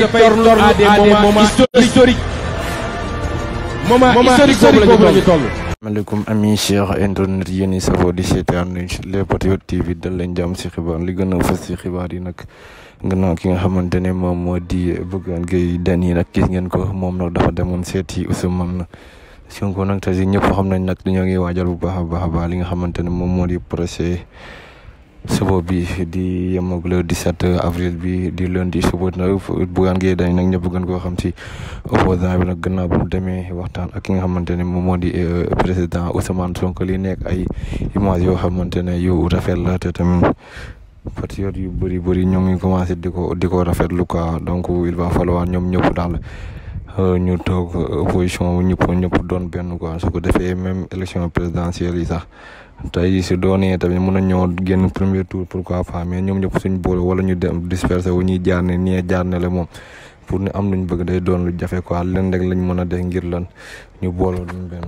dafay torlu à des moments historiques moment historique boobu la ñu toll. ami cher internet yéen ñi safoo di seetaan les patriotes TV dal leen jàmm si xibaar li gën a fës si xibaar yi nag gannaaw ki nga xamante ne moom moo di Bougane Gueye Dany nag gis ngeen ko moom nag dafa demoon seeti Ousmane Sonko nag te si ñëpp xam nañ nag dañoo ngi waajal bu baax a baax a baax li nga xamante ne moom moo di procès. suba bi di yemoog le 17 avril bi di lundi suba nag Bougane Gueye Dany nag ñëpp gën koo xam ci opposant bi nag gannaaw bu demee waxtaan ak ki nga xamante ne moom moo di euh, président Ousmane Sonko li nekk ay image yoo xamante ne yu rafet la te tamit patriote yu bëri ñoo ngi commencé di ko di ko rafetlu quoi donc il va falloir ñoom ñëpp daal euh, ñu toog euh, opposition ñëpp ñëpp doon benn quoi su ko defee même élection présidentielle yi sax. tey si doon yi tamit mën na ñoo génn premier tour pourquoi pas mais ñoom ñëpp suñ boole wala ñu dem dispersé wu ñuy jaar ne nii jaar ne la moom pour ñu am ñu bëgg day doon lu jafe quoi leen rek lañ mën a def ngir lan ñu booloo duñ benn.